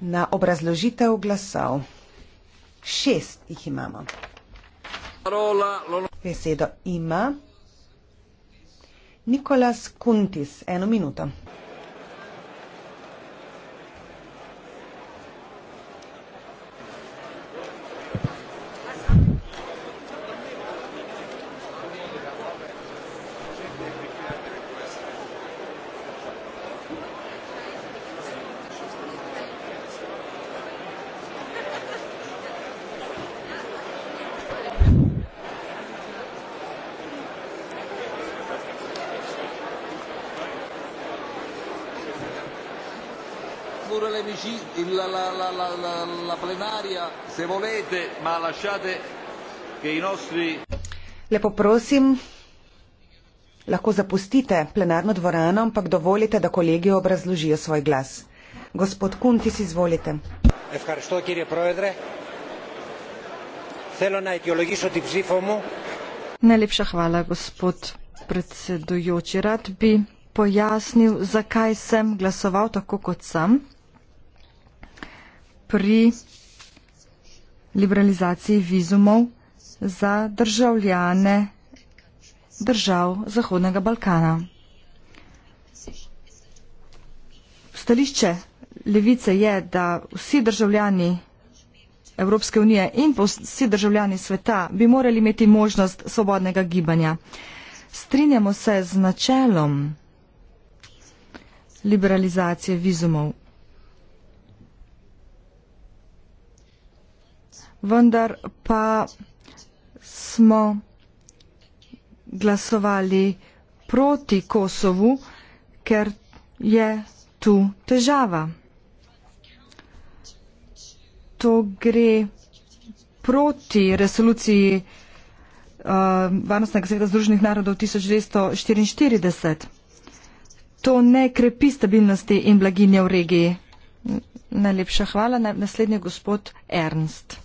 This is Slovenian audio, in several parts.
Na obrazložitev glasov. Šest jih imamo. Besedo ima Nikolas Kuntis. Eno minuto. pure le vicine, il, la, la, la, la, la, la plenaria se volete, ma lasciate che i nostri. Lepo prosim, lahko zapustite plenarno dvorano, ampak dovolite, da kolegi obrazložijo svoj glas. Gospod Kuntis, izvolite. Najlepša hvala, gospod predsedujoči. Rad bi pojasnil, zakaj sem glasoval tako, kot sem pri liberalizaciji vizumov za državljane držav Zahodnega Balkana. Stališče levice je, da vsi državljani Evropske unije in vsi državljani sveta bi morali imeti možnost svobodnega gibanja. Strinjamo se z načelom liberalizacije vizumov, vendar pa smo glasovali proti Kosovu, ker je tu težava. To gre proti resoluciji uh, Varnostnega sveta Združenih narodov 1944. To ne krepi stabilnosti in blaginje v regiji. Najlepša hvala. Naslednji gospod Ernst.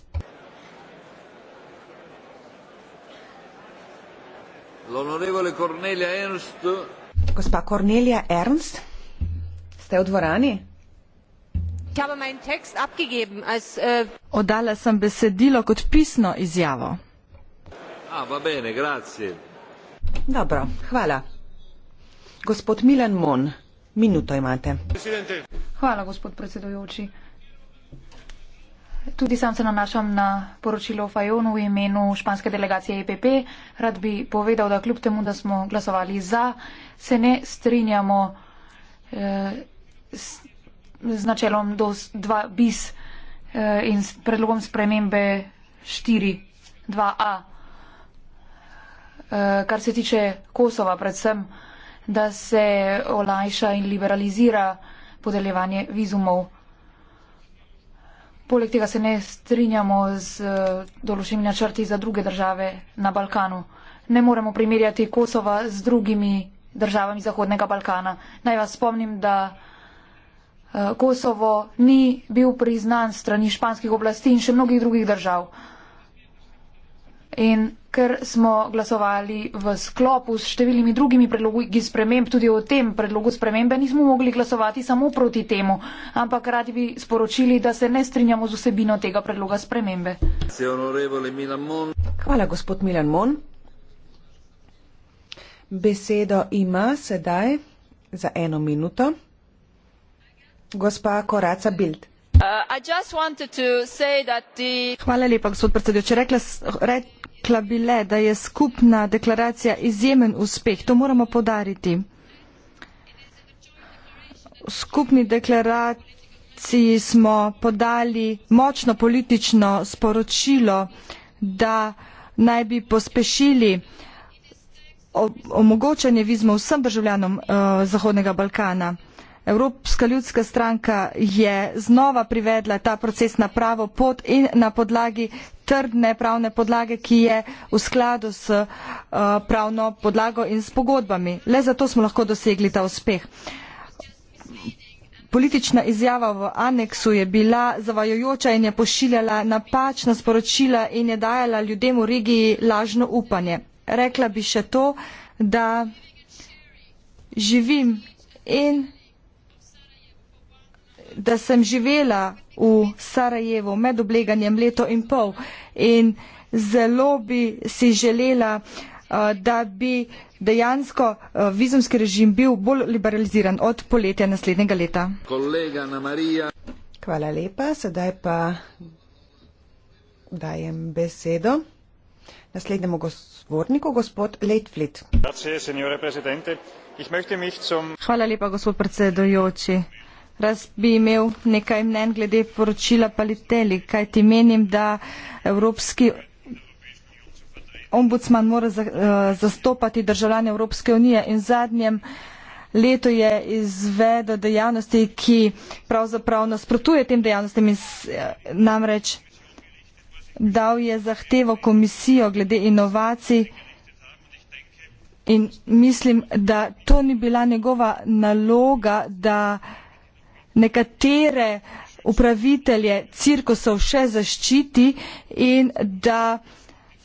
Gospa Kornelija Ernst, ste v dvorani? Äh, Oddala sem besedilo kot pisno izjavo. Ah, Dobro, hvala. Gospod Milan Mon, minuto imate. Hvala, gospod predsedujoči. Tudi sam se nanašam na poročilo Fajonu v imenu španske delegacije EPP. Rad bi povedal, da kljub temu, da smo glasovali za, se ne strinjamo eh, s, z načelom do 2 bis eh, in s predlogom spremembe 4, 2a. Eh, kar se tiče Kosova, predvsem, da se olajša in liberalizira podeljevanje vizumov. Poleg tega se ne strinjamo z eh, določenimi načrti za druge države na Balkanu. Ne moremo primerjati Kosova z drugimi državami Zahodnega Balkana. Naj vas spomnim, da eh, Kosovo ni bil priznan strani španskih oblasti in še mnogih drugih držav. In ker smo glasovali v sklopu s številimi drugimi predlogi sprememb, tudi o tem predlogu spremembe nismo mogli glasovati samo proti temu, ampak radi bi sporočili, da se ne strinjamo z vsebino tega predloga spremembe. Hvala, gospod Milan Mon. Besedo ima sedaj za eno minuto gospa Koraca Bild. Uh, Hvala lepa, gospod predsedujoči. Rekla, re, rekla bi le, da je skupna deklaracija izjemen uspeh, to moramo podariti. V skupni deklaraciji smo podali močno politično sporočilo, da naj bi pospešili omogočanje vizmov vsem državljanom uh, Zahodnega Balkana. Evropska ljudska stranka je znova privedla ta proces na pravo pot in na podlagi trdne pravne podlage, ki je v skladu s eh, pravno podlago in s pogodbami. Le zato smo lahko dosegli ta uspeh. Politična izjava v aneksu je bila zavajojoča in je pošiljala napačna sporočila in je dajala ljudem v regiji lažno upanje. Rekla bi še to, da živim in da sem živela v Sarajevu med obleganjem leto in pol in zelo bi si želela, eh, da bi dejansko eh, vizumski režim bil bolj liberaliziran od poletja naslednjega leta. Hvala lepa, sedaj pa dajem besedo naslednjemu govorniku, gospod Leitflit. Hvala lepa, gospod predsedojoči. Raz bi imel nekaj mnen glede poročila Paliteli, kaj ti menim, da Evropski ombudsman mora za, uh, zastopati državljane Evropske unije in zadnjem letu je izvedel dejavnosti, ki pravzaprav nasprotuje tem dejavnostim in uh, namreč dal je zahtevo komisijo glede inovacij in mislim, da to ni bila njegova naloga, da nekatere upravitelje cirkusov še zaščiti in da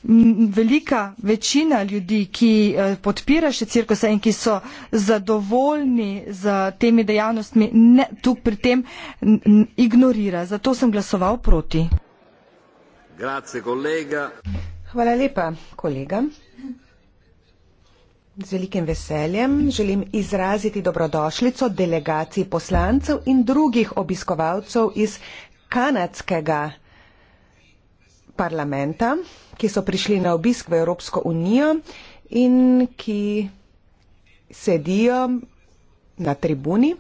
velika večina ljudi, ki eh, podpira še cirkuse in ki so zadovoljni z temi dejavnostmi, ne, tu pri tem ignorira. Zato sem glasoval proti. Grazie, Hvala lepa, kolega. Z velikim veseljem želim izraziti dobrodošlico delegaciji poslancev in drugih obiskovalcev iz kanadskega parlamenta, ki so prišli na obisk v Evropsko unijo in ki sedijo na tribuni.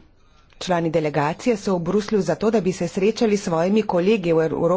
Člani delegacije so v Bruslju zato, da bi se srečali s svojimi kolegi v Evropsko unijo.